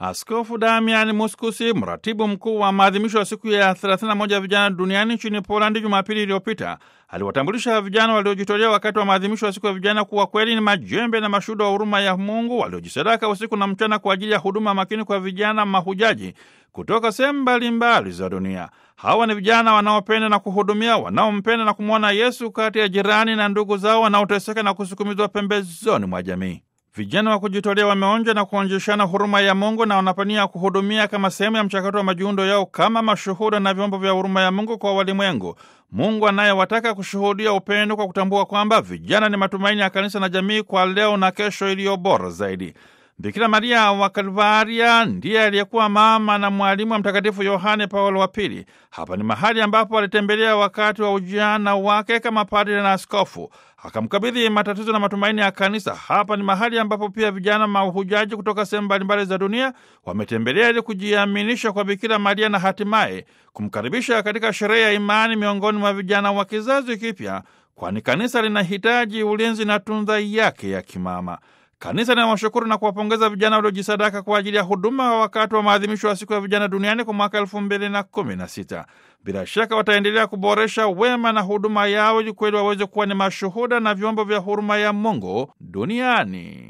Askofu Damian Muskusi, mratibu mkuu wa maadhimisho ya siku ya 31 vijana duniani nchini Polandi Jumapili iliyopita, aliwatambulisha vijana waliojitolea wakati wa maadhimisho ya siku ya vijana kuwa kweli ni majembe na mashuhuda wa huruma ya Mungu waliojisadaka usiku na mchana kwa ajili ya huduma makini kwa vijana mahujaji kutoka sehemu mbalimbali za dunia. Hawa ni vijana wanaopenda na kuhudumia, wanaompenda na kumwona Yesu kati ya jirani na ndugu zao wanaoteseka na kusukumizwa pembezoni mwa jamii. Vijana wa kujitolea wameonja na kuonjeshana huruma ya Mungu na wanapania kuhudumia kama sehemu ya mchakato wa majiundo yao kama mashuhuda na vyombo vya huruma ya Mungu kwa walimwengu. Mungu anayewataka kushuhudia upendo kwa kutambua kwamba vijana ni matumaini ya kanisa na jamii kwa leo na kesho iliyo bora zaidi. Bikira Maria wa Kalvaria ndiye aliyekuwa mama na mwalimu wa Mtakatifu Yohane Paulo wa Pili. Hapa ni mahali ambapo alitembelea wakati wa ujana wake kama padre na askofu, akamkabidhi matatizo na matumaini ya kanisa. Hapa ni mahali ambapo pia vijana mahujaji kutoka sehemu mbalimbali za dunia wametembelea ili kujiaminisha kwa Bikira Maria na hatimaye kumkaribisha katika sherehe ya imani miongoni mwa vijana wa kizazi kipya, kwani kanisa linahitaji ulinzi na tunza yake ya kimama. Kanisa linawashukuru na kuwapongeza vijana waliojisadaka kwa ajili ya huduma wakati wa maadhimisho ya siku ya vijana duniani kwa mwaka elfu mbili na kumi na sita. Bila shaka wataendelea kuboresha wema na huduma yao ili kweli waweze kuwa ni mashuhuda na vyombo vya huruma ya Mungu duniani.